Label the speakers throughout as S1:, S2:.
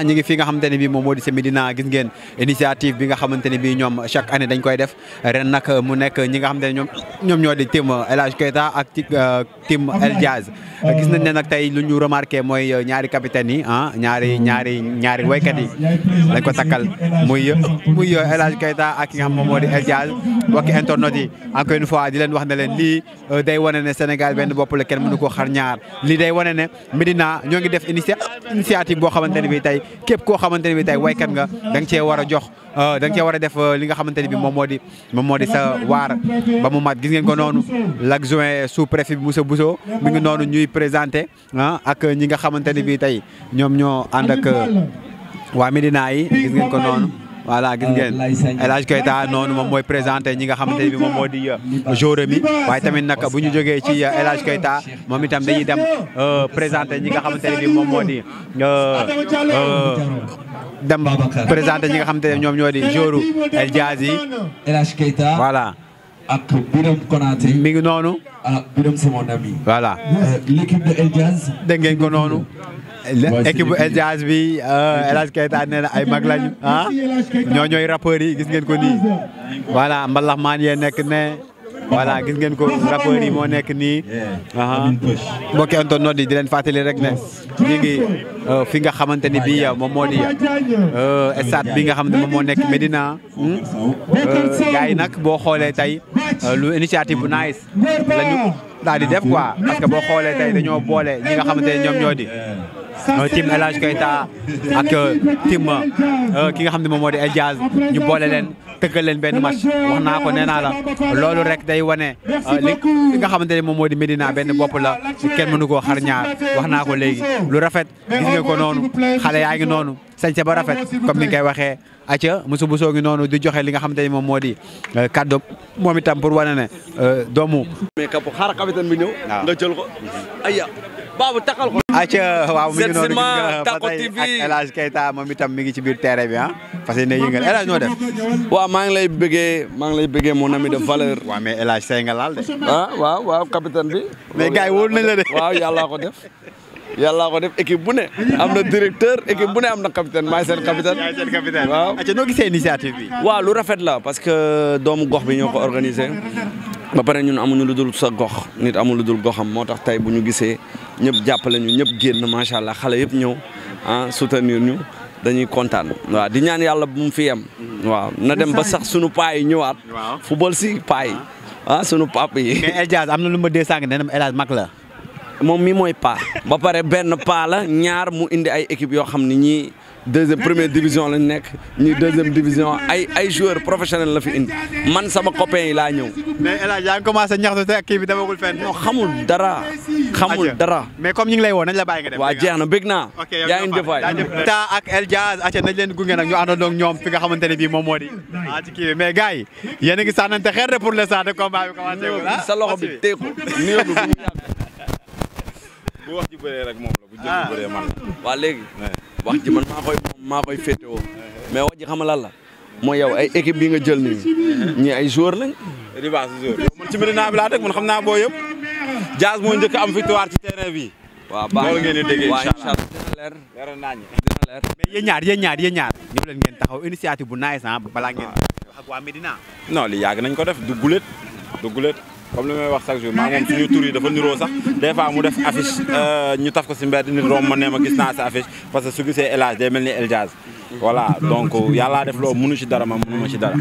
S1: ah ñi ngi fi nga xamante ne bii moom moo di si Médina gis ngeen initiative bi nga xamante ne ñoom chaque année dañ koy def ren nag mu nekk ñi nga xamante ne ñoom ñoo di team El Hadj Keita ak euh, team El gis nañ ne tey lu ñu remarqué mooy ñaari capitaine yi ah ñaari ñaari ñaari waykat yi dañ ko takkal muy muy El Hadj Keita ak ki nga xam moom moo di El Diaz mbokki internet yi encore une fois di leen wax ne leen lii euh, day wane ne Sénégal benn bopp la kenn mënu ko xar ñaar lii day wane Médina ñoo ngi def initiative boo xamante ne képp koo xamante ne bi tey waykat nga da nga cee war a jox euh, da nga cee war a def euh, li nga xamante ne bi moom moo di moom moo di sa waar ba mu mat gis ngeen ko noonu l'adjoint sous préfet bi Moussa Bousso mu ngi noonu ñuy présenté ah ak ñi nga xamante ne bi tey ñoom ñoo ànd ak euh, waa Médina yi gis ngeen ko noonu voilà gis euh, ngeen El Hadj Keita noonu moom mooy présenté ñi nga xam ne bi moom moo di euh, joueur bi waaye tamit nag bu ñu jógee ci euh, El Hadj Keita moom itam dañuy dem présenté ñi nga xamante ne bi moom moo di dem présenté ñi nga xamante ne ñoom ñoo di joueur El Diazy El Hadj voilà ak Biram Konaté mi noonu ah Biram voilà l'équipe de El ko noonu équipe bu Eldiaz bi El Hadj Keita nee na ay mag lañu ah ñoo ñooy rappeurs yi gis ngeen ko ni voilà mbalax maan yee nekk ne voilà gis ngeen ko rappeurs yi moo nekk nii mbokki internet yi di leen fàttali rek ne ñu euh, fi nga xamante ni bii moom moo di euh, stade bi nga xamante moom moo nekk Medina hmm? euh, gars yi nag boo xoolee tey lu initiative bu nice lañu daal di def quoi parce que boo xoolee tey dañoo boole ñi nga xamante ne ñoom ñoo di
S2: team El Hadj Keita ak euh,
S1: team euh, ki nga xam ne moom moo di El Diaz ñu boole leen tëggal benn match wax naa ko nee naa la loolu rek day wane euh, li nga xamante ne moom moo di Medina benn bopp la kenn mënu koo xar ñaar wax naa ko léegi lu rafet gis nga ko noonu xale yaa ngi noonu. sañse ba rafet comme ni ngay waxee acca musu bu soo ngi noonu di joxe li nga xamante ni moom moo di euh, kàddu moom itam pour wane ne euh, doomu
S3: mais kapp xaar kapitan bi ñëw nga jël ko aya baabu takkal ko acca waaw mi ngi noonu gis nga Fatay
S1: ak El moom itam mi ngi ci biir terrain bi ah parce que ne
S3: yëngal El Hadj noo def waaw maa ngi lay bëggee maa ngi lay bëggee mon ami de valeur waaw mais El Hadj say nga laal de ah waaw waaw bi mais gars yi wóor nañ la de waaw ko def yàllaa ko def équipe bu ne am na directeur équipe bu ne am na capitaine maay seen capitaine waaw acca noo
S1: gisee bi
S3: waaw lu rafet la parce que doomu gox bi ñu ko organisé ba pare ñun amuñu lu dul sa gox nit amul lu dul goxam moo tax tey bu ñu gisee ñëpp jàppale ñu ñëpp génn macha allah xale yëpp ñëw ah soutenir ñu dañuy kontaan waa di ñaan yàlla bu mu fi yem waaw na dem ba sax sunu paa yi ñëwaat football si paa yi ah sunu pap yi mais El Hadj am na lu ma dee sànq nee na El Hadj mag la moom mi mooy paa ba pare benn paa la ñaar mu indi ay équipe yoo xam ne ñii deuxième première division lañ nekk ñii deuxième division ay ay joueurs professionnels la fi indi man sama copain yi laa ñëw.
S1: mais El Hadj yaa ngi commencé ñaxtu te ak kii bi demagul fenn. non xamul dara. xamul dara. mais comme ñu ngi lay woo nañ la bàyyi nga dem. waa jeex na bëgg naa. ok yow taa ak El Diaz nañ leen gunge nag ñu àndandoo ñoom fi nga xamante ne bii moom moo di. ah ci kii bi mais a ngi sànnante xeer ah. sa loxo
S3: bu wax ji bëree rek moom bu jël ah. bëree man waa léegi wax ji man maa koy moom maa koy féetewoo mais wax ji xam lan la mooy yow ay équipe bi nga jël nii ñii ay joueur lañ
S1: ribaas joueur man ci Médina bi laa man xam naa boo yëpp Diaz moo njëkk am victoire ci terrain bi waaw baax na loolu ngeen di déggee incha allah ñaar yéen ñaar yéen ñaar ñëw leen ngeen taxaw initiative bu naay ah, sant balaa ngeen ah. wax ak nañ ko def du comme li may wax chaque jour maa moom suñu tur yi dafa niroo sax des mu def affiche euh, ñu taf ko si mbedd nit romb ma ne ma gis naa sa affiche parce que su gisee El Hadj mel ni El Diaz voilà donc yàllaa def loolu mënu ci dara ma mënu ci dara.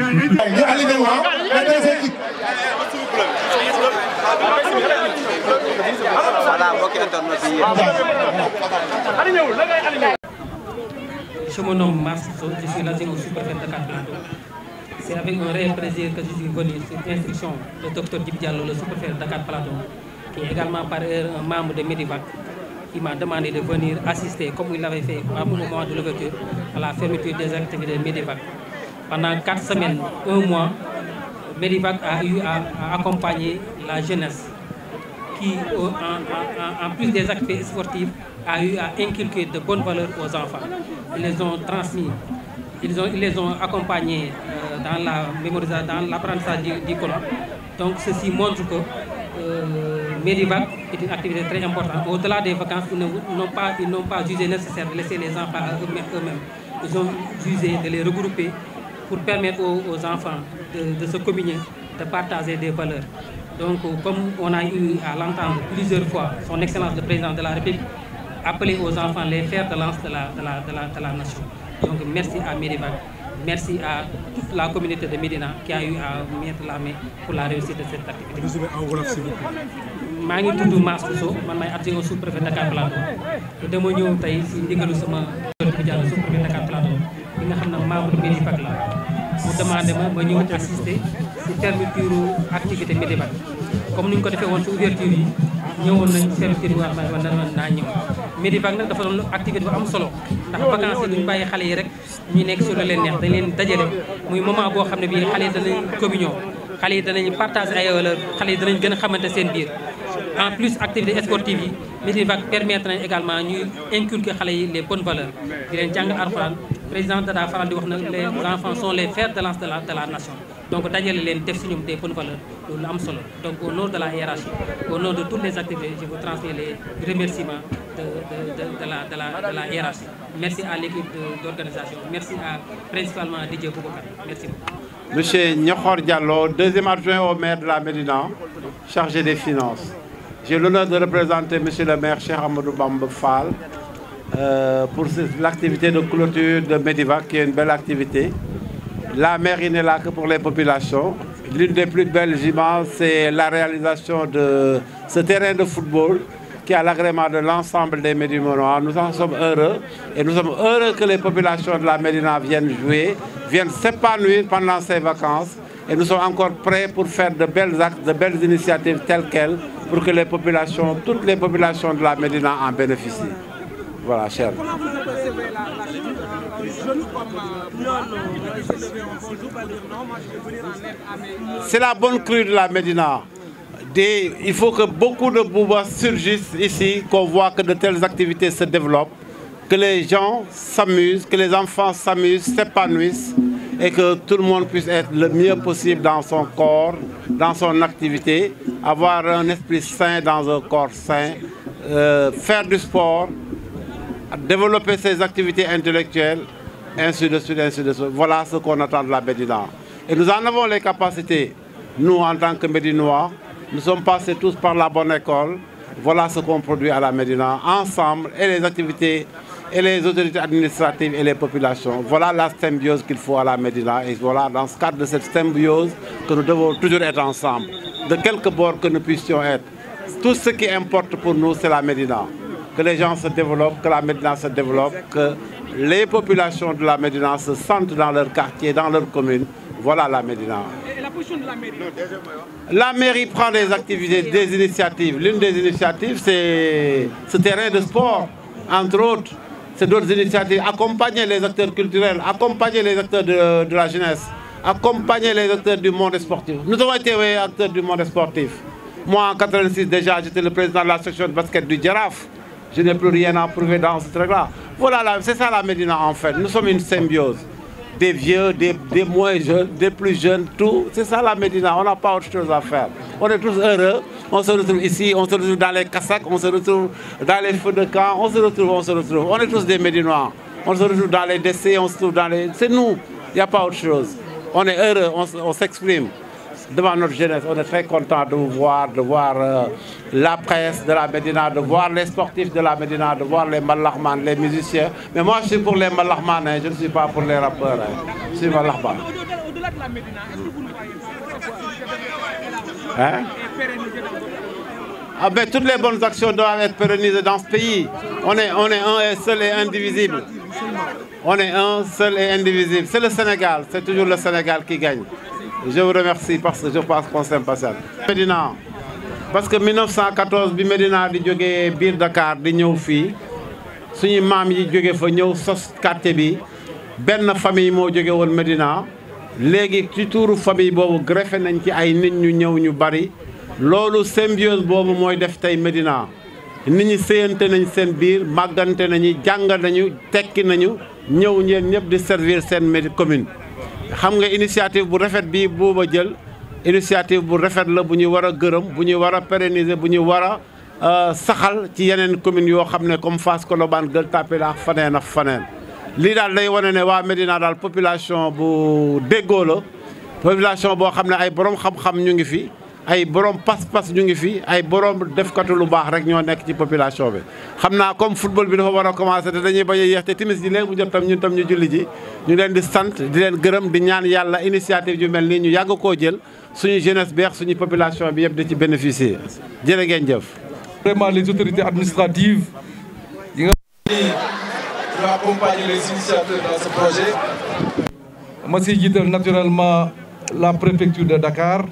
S4: C'est avec un réel plaisir que je suis venu sur instruction de Dr Djib Diallo, le sous-préfet Dakar Plateau, qui également par ailleurs un membre de Medivac, qui m'a demandé de venir assister, comme il l'avait fait au de l'ouverture, à la fermeture des activités de Medivac. Pendant quatre semaines, un mois, Medivac a eu à, accompagner la jeunesse qui, en, en, plus des activités sportives, a eu à inculquer de bonnes valeurs aux enfants. Ils ont transmis, ils, dans la mémorisation, dans l'apprentissage du, du colon. Donc ceci montre que euh, Medivac est une activité très importante. Au-delà des vacances, ils pas, ils nécessaire de laisser les enfants à eux-mêmes. Ils ont de les regrouper pour permettre aux, aux enfants de, de, se de partager des valeurs. Donc euh, comme on a eu à l'entendre plusieurs fois, son excellence président de la République appeler aux enfants les fers de lance de la, la, de la, nation. Donc merci à Medivac. Merci à toute la communauté de Médina qui a eu la main pour la réussite de cette activité. maa ngi tudd Mass Bousso man maay adjoint sous-préfet Dakar Plateau te dama ñëw tey si ndigalu sama bu jàll sous-préfet Dakar Plateau bi nga xam ne membre Medivac la mu demandé ma ma ñëw assister si fermeture activité Medivac comme ni ñu ko defee woon ci ouverture yi ñëwoon nañ serviteur bi wax ma man dana naa ñëw Medivac nag dafa doon activité bu am solo ndax vacances yi duñ bàyyi xale yi rek ñu nekk sur lu leen neex dañ leen dajale muy moment boo xam ne bii xale yi danañ communion xale yi danañ partage ay valeur xale yi danañ gën a xamante seen biir en plus activité sportive yi Médina Vague permettre nañ également xale yi les bonnes valeurs di leen jàng alxuraan président Dada faral di wax nag les enfants sont les fers de lance de la de nation donc dajale leen def si ñoom des bonnes valeurs am solo donc au nom de la hiérarchie au nom de toutes les activités je vous transmets les remerciements de la de la de merci à l'équipe d'organisation merci à principalement Didier Boubacar merci beaucoup.
S5: Monsieur Niokhor Diallo deuxième adjoint au de la Médina chargé des finances. J'ai l'honneur de représenter Monsieur le maire Cheikh Amadou Bamba Fall euh, pour l'activité de clôture de Medivac qui est une belle activité. La mer n'est là que pour les populations. L'une des plus belles images, c'est la réalisation de ce terrain de football qui a l'agrément de l'ensemble des Médinois. Nous en sommes heureux et nous sommes heureux que les populations de la Médina viennent jouer, viennent s'épanouir pendant ces vacances et nous sommes encore prêts pour faire de belles actes, de belles initiatives telles quelles pour que les populations, toutes les populations de la Médina en bénéficient. Voilà, cher. Comment vous percevez la, la
S1: euh, jeune comme euh, euh, euh,
S5: C'est la bonne crue de la Médina. Des, il faut que beaucoup de boubas surgissent ici, qu'on voit que de telles activités se développent, que les gens s'amusent, que les enfants s'amusent, s'épanouissent. et que tout le monde puisse être le mieux possible dans son corps, dans son activité, avoir un esprit sain dans un corps sain, euh, faire du sport, développer ses activités intellectuelles, ainsi de suite, ainsi de suite. Voilà ce qu'on attend de la Médina. Et nous en avons les capacités. Nous, en tant que Médinois, nous sommes passés tous par la bonne école. Voilà ce qu'on produit à la Médina, ensemble, et les activités et les autorités administratives et les populations. Voilà la symbiose qu'il faut à la Médina et voilà dans ce cadre de cette symbiose que nous devons toujours être ensemble, de quelque bord que nous puissions être. Tout ce qui importe pour nous, c'est la Médina. Que les gens se développent, que la Médina se développe, que les populations de la Médina se sentent dans leur quartier, dans leur commune. Voilà la Médina.
S2: Et la position de la mairie
S5: La mairie prend des activités, des initiatives. L'une des initiatives, c'est ce terrain de sport, entre autres. c'est d'autres initiatives. Accompagner les acteurs culturels, accompagner les acteurs de, de, la jeunesse, accompagner les acteurs du monde sportif. Nous avons été oui, acteurs du monde sportif. Moi, en 86 déjà, j'étais le président de la section de basket du Giraffe. Je n'ai plus rien à prouver dans ce truc-là. Voilà, c'est ça la Médina en fait. Nous sommes une symbiose. Des vieux, des, des moins jeunes, des plus jeunes, tout. C'est ça la Médina. On n'a pas autre chose à faire. On est tous heureux. on se retrouve ici, on se retrouve dans les Kassak, on se retrouve dans les feux de camp, on se retrouve, on se retrouve. On est tous des Médinois. On se retrouve dans les décès, on se trouve dans les... C'est nous, il n'y a pas autre chose. On est heureux, on s'exprime devant notre jeunesse. On est très content de vous voir, de voir euh, la presse de la Médina, de voir les sportifs de la Médina, de voir les Malachman, les musiciens. Mais moi, je suis pour les Malachman, hein, je ne suis pas pour les rappeurs. Hein. Je suis Malachman.
S3: Au-delà de la Médina, est-ce que vous ne voyez
S5: pas Ah ben, toutes les bonnes actions doivent être pérennisées dans ce pays. On est, on est un et seul et indivisible. On est un seul et indivisible. C'est le Sénégal, c'est toujours le Sénégal qui gagne. Je vous remercie parce que je pense qu'on s'impatiente. Médina, parce que bi Médina di jógee biir Dakar di ñëw fii suñu maam yi jóge fa ñëw sos quartier bi benn famille moo jóge woon Médina léegi ci tuuru famille boobu greffé nañ ci ay nit ñu ñëw ñu bari loolu symbiose boobu mooy def tey Médina nit ñi séyante nañ seen biir màggante nañu jàng nañu tekki nañu ñëw ñeen ñëpp di servir seen commune xam nga initiative bu rafet bii booba jël initiative bu rafet la bu ñuy war a gërëm bu ñuy war a pérenniser bu ñu war a euh, saxal ci yeneen communes yoo xam ne comme Fass Colobane Gueule Tapée ak faneen ak faneen daal day wane ne waa Médina daal population bu déggoo la population boo xam ne ay borom xam-xam ñu ngi fi ay borom pas-pas ñu ngi fi ay borom defkatu lu baax rek ñoo nekk ci population bi. xam naa comme football bi dafa war a commencé te dañuy bañ a yéex te timis ji léegi bu jot tam ñun tam ñu julli ji ñu leen di sant di leen gërëm di ñaan yàlla initiative yu mel ni ñu yàgg koo jël suñu jeunesse beex suñu population bi yëpp di ci
S2: bénéficier jërë ngeen jëf. vraiment les autorités administratives yi nga. pour accompagner les initiateurs dans ce projet. ma siy jiital naturellement la préfecture de Dakar.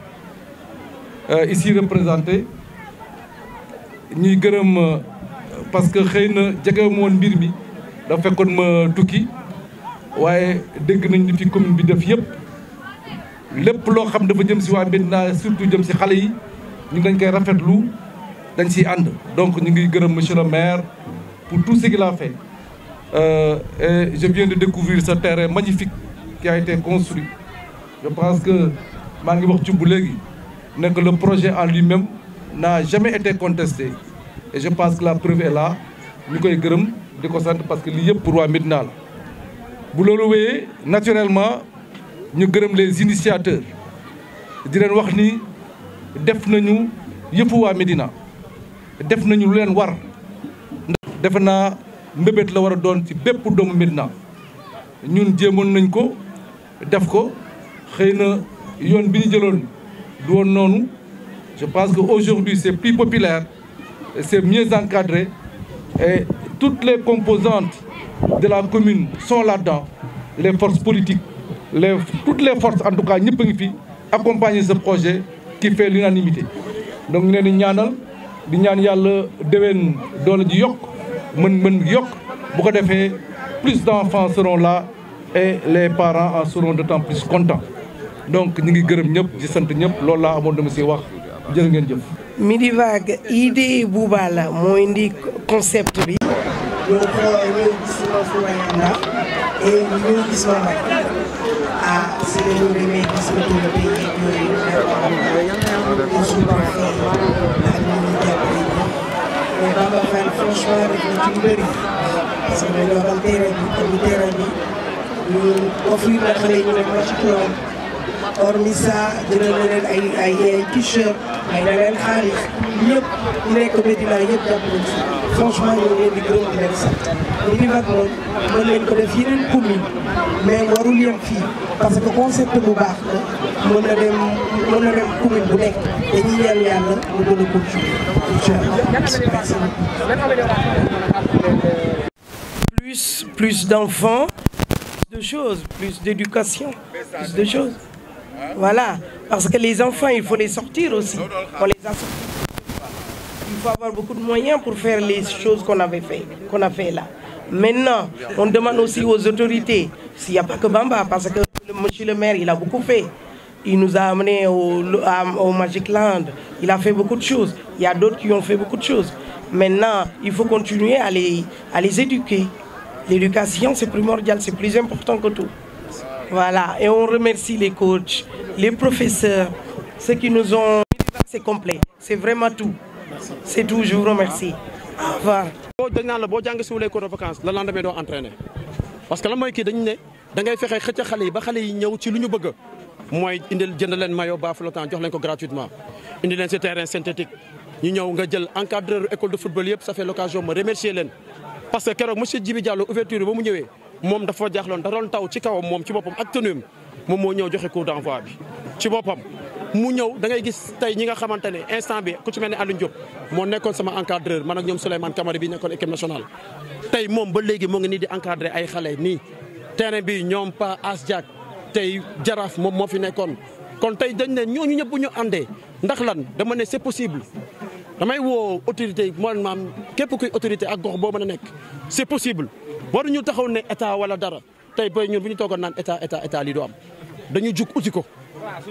S2: Euh, ici représenté ñuy gërëm euh, parce que xëy na jegew woon mbir mi dafa fekkoon ma tukki waaye dégg nañ li fi commune bi def yëpp lépp loo xam dafa jëm si waa Médina surtout jëm si xale yi ñu dañ koy rafetlu dañ siy ànd donc ñu ngi gërëm monsieur le pour tout ce qu'il a fait euh, et je viens de découvrir ce terrain magnifique qui a été construit je pense que maa ngi wax ci léegi nekk que le projet en lui-même n'a jamais été contesté et je pense que la preuve est là ñu koy gërëm di ko sant parce que lii yëpp pour waa Médina la bu loolu wéyee naturellement ñu gërëm les initiateurs di leen wax ni def nañu yëpp waa Médina def nañu lu leen war ndax defe naa mbébét la war a doon ci bépp doomu Médina ñun jéemoon nañ ko def ko xëy na yoon bi ñu jëloon du woon noonu je pense que aujourd'hui c'est plus populaire c'est mieux encadré et toutes les composantes de la commune sont la dedans les forces politiques les toutes les forces en tout cas ñëpp a ngi fi accompagner ce projet qui fait l'unanimité donc nee ni ñaanal di ñaan yàlla déwén doole ji yokk mën-mën gi yokk bu ko defee plus d'enfants seront la et les parents en seront d'autant plus contents donc ñu ngi gërëm ñépp di sant ñépp lool laa amoon dama si wax jërë ngeen jëf.
S4: Midi Vague idée Bouba la mooy indi concept bi. yow xoolal yooyu gis nga fi ma ma ah si la ñu demee bi ak yooyu dafa am suñu projet ak ñun ñu jàppale ñu. mais Bamba Fall franchement bi te bu terrain bi hormis ça jëlal na leen ay ay ay t-shirt ay na leen xaalis ñëpp ñu nekk Medina yëpp jàpp nañ si franchement ñoo ngi leen di gërëm di leen
S6: sant Univac moom mën leen ko def yeneen commune mais warul yem fii parce que concept bu baax la mën na dem mën na dem commune bu nekk dañuy ñaan yàlla mu gën a continuer incha allah merci plus plus d'enfants, plus de choses, plus d'éducation, plus de choses. Voilà, parce que les enfants, il faut les sortir aussi. On les a sortis. Il faut avoir beaucoup de moyens pour faire les choses qu'on a fait là. Maintenant, on demande aussi aux autorités, s'il n'y a pas que Bamba, parce que le, monsieur le maire, il a beaucoup fait. Il nous a amenés au, Magic Land, il a fait beaucoup de choses. Il y a d'autres qui ont fait beaucoup de choses. Maintenant, il faut continuer à les, à c'est primordial, c'est plus important que tout. Voilà, et on remercie les coachs, les professeurs, ceux qui nous ont... C'est complet, c'est vraiment tout. C'est tout, je vous remercie. boo dañ naan la boo jàng siwulee de vacances la lendemain doo entraîner parce que la mooy kii dañu ne da ngay fexe xëcc xale yi ba xale yi ñëw ci lu ñu bëgg mooy indil jënd leen maillot bas flottant jox leen ko gratuitement indi leen si terrain synthétique ñu ñëw nga jël encadreur école de football yëpp ça fait l'occasion ma remercier que keroog monsieur Djibi Diallo ba mu ñëwee moom dafa jaaxloon daroon taw ci kawam moom ci boppam ak moom moo ñëw joxe coup d'envoi bi ci boppam mu ñëw da ngay gis tey ñi nga xamante ne instant bi ku ci mel ni Aliou Diop moo nekkoon sama encadreur man ak ñoom Souleymane Camara bi nekkoon équipe nationale tey moom ba léegi moo ngi nii di encadré ay xale nii terrain bi ñoom Pa As Diak tey jaraaf moom moo fi nekkoon kon tey dañ ne ñooñu ñëpp ñu àndee ndax lan dama ne c'est possible damay woo autorité yi mooy képp kuy autorité ak gox boo mën a nekk c'est a ñu taxaw ne état wala dara tey bay ñun bu ñu toogoon naan état état état lii du am dañu jug uti ko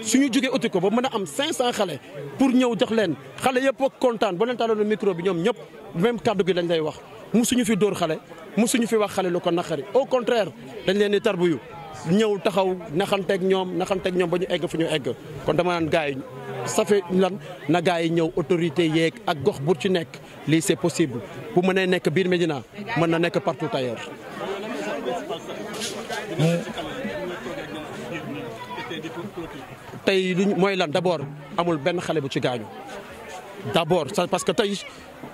S6: suñu jugee uti ko ba mën a am 500 xale pour ñëw jox leen xale yëpp ak kontaan ba leen taaloon micro bi ñoom ñëpp même kàddu gi lañ lay wax musuñu fi dóor xale musuñu fi wax xale lu ko naqari au contraire dañ leen di tarbuyu ñëw taxaw naxanteeg ñoom naxanteeg ñoom ba ñu egg fu ñu egg kon dama naan gars yi safe lan na gars yi ñëw autorité yeeg ak gox bu ci nekk lii c'est possible bu mënee nekk biir Médina mën na nekk partout ailleurs. tey lu mooy lan d'abord amul benn xale bu ci gaañu d'abord parce que tey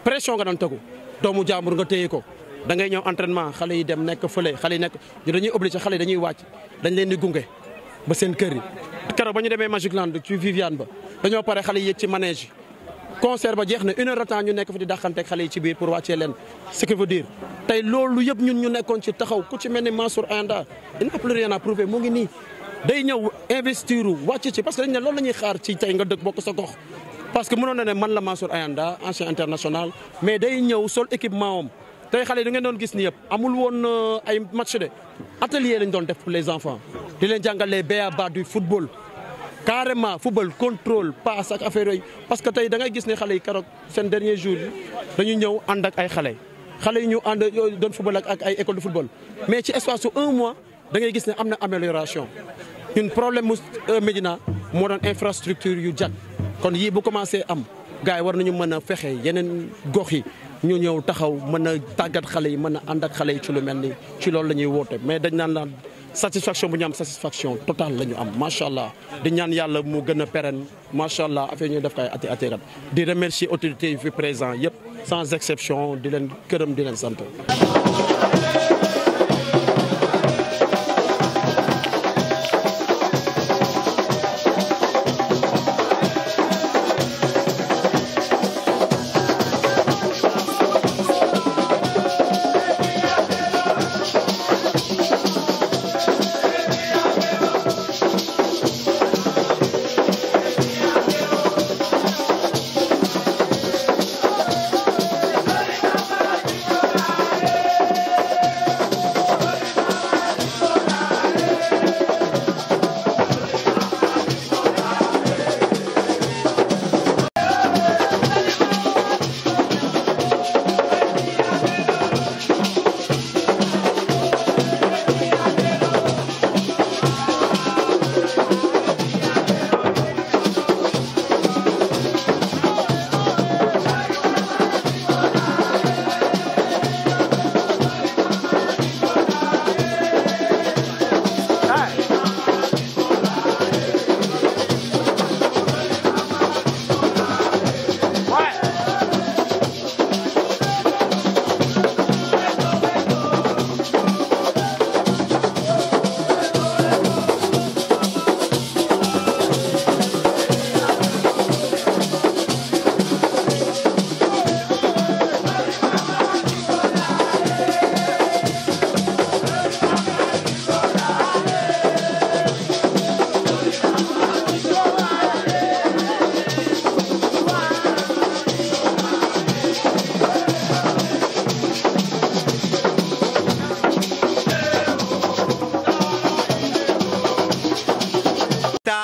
S6: pression nga doon tegu doomu jàmbur nga téye ko da ngay ñëw entraînement xale yi dem nekk fële xale yi nekk dañuy obligé xale dañuy wàcc dañ leen di gunge ba seen kër yi. keroog ba ñu demee Magic Land ci Viviane ba dañoo pare xale yi yëg ci manège concert a jeex na une heure de temps ñu nekk fi di daxanteeg xale yi ci biir pour wàccee leen ce qui veut dire tey loolu yëpp ñu nekkoon ci taxaw ku ci mel ni Mansour Anda il n'a plus mu ngi nii day ñëw investir wàcc ci parce que dañ ne loolu ñuy xaar ci tey nga dëkk bokk sa gox parce que mënoon na ne man la Mansour Ayanda ancien international mais day ñëw sol équipement am tey xale yi da ngeen doon gis ni yëpp amul woon euh, ay match de atelier lañ doon def pour les enfants di leen jàngal les b.a.-ba carrément football contrôle passe ak affaire yooyu parce que tey da ngay gis ne xale yi keroog seen dernier jour yi dañu ñëw ànd ak ay xale xale yi ñu ànd doon football ak ay école de football mais ci espace su un mois da ngay gis ni am na amélioration ñun problème mu euh, Médina moo daan infrastructure yu jag kon yii bu commencé am gars yi war nañu mën a fexe yeneen gox yi ñu ñëw taxaw mën a tàggat xale yi mën a ànd ak xale yi ci lu mel ni ci loolu la ñuy woote mais dañ naan satisfaction bu ñu am satisfaction totale la ñu am macha allah di ñaan yàlla mu gën a pérenne macha allah affaire ñuy def kay ati ati rat di remercier autorité yi fi présent yëpp sans exception di leen këram di leen sant.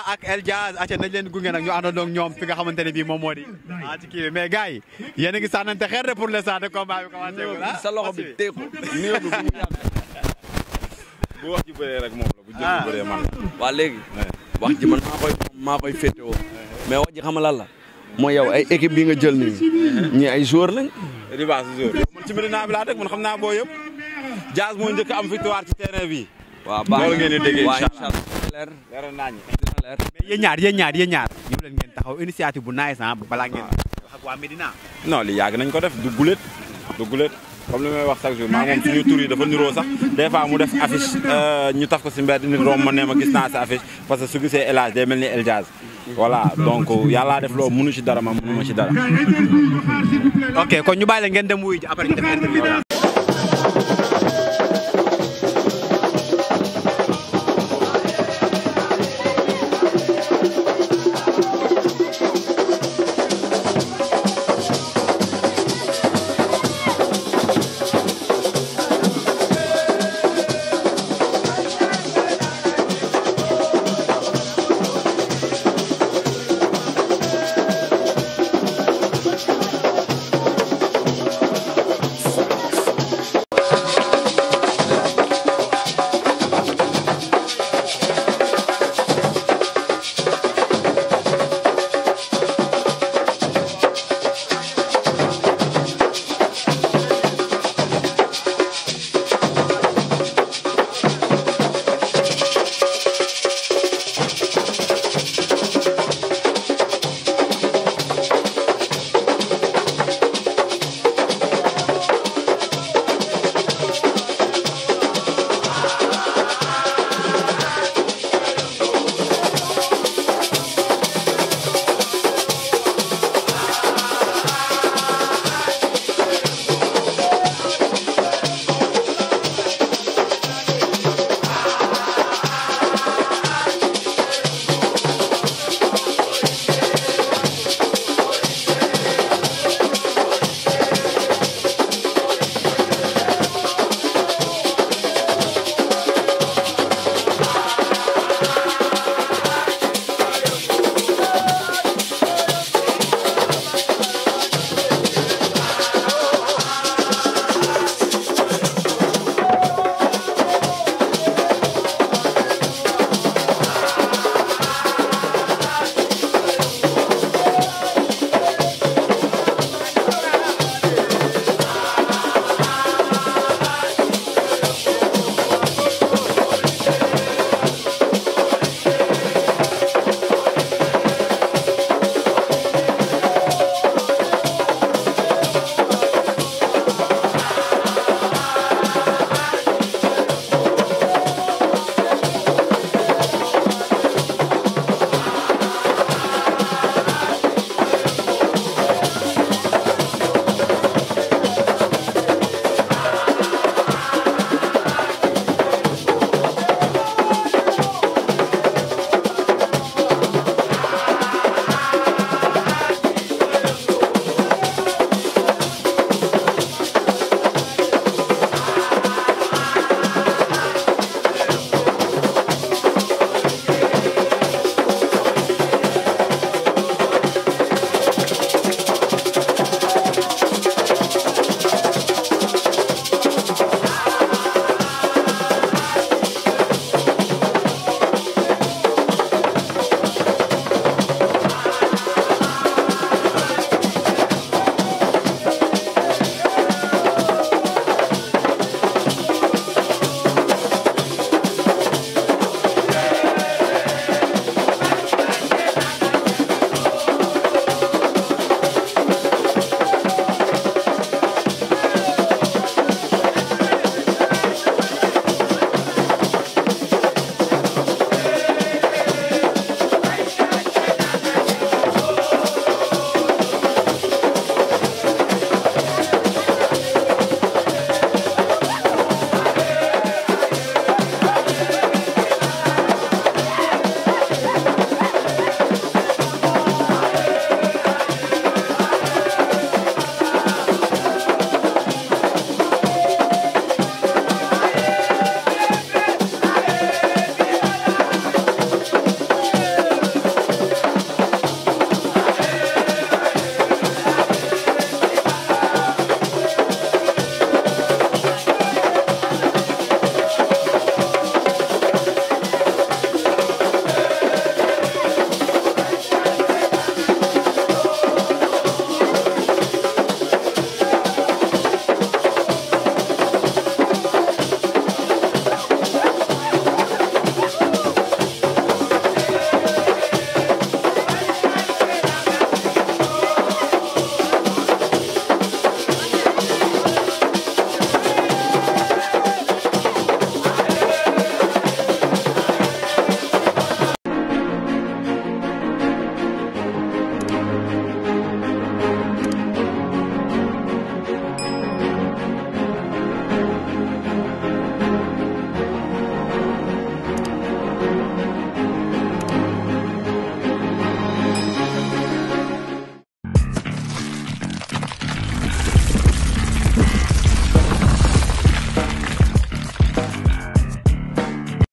S1: ak El Diaz aca nañ leen gunge ñoom fi nga xamante ne bii moom moo di ah ci kii bi mais gars yi yéen a ngi ah. sa loxo bi teeku
S3: rek moom la bu jël man ah. waa léegi wax ji man maa koy maa koy féetewoo mais wax ji xama lan la mooy yow ay équipe bi nga jël nii ñi ay joueur lañ
S1: ribaas joueur man ci Medina bi laa xam naa boo yëpp Diaz moo njëkk am victoire ci terrain bi waaw baax ngeen di déggee incha allah leer mais yéen ñaar yéen ñaar yéen ñaar ñëw leen ngeen taxaw initiative bu naay ah, sant balaa ngeen
S4: ah. waa Médina
S1: non li yàgg nañ ko def du gulet du gulet comme li may wax chaque jour maa moom suñu tur yi dafa niroo sax des mu def affiche euh, ñu taf ko si mbedd nit romb ma ne ma gis naa sa affiche parce que su gisee El Hadj day mel ni El Diaz voilà donc yàllaa def loolu mënu ci dara ma mënu ma ci dara ok kon ñu bàyyi la ngeen dem wuyu ji après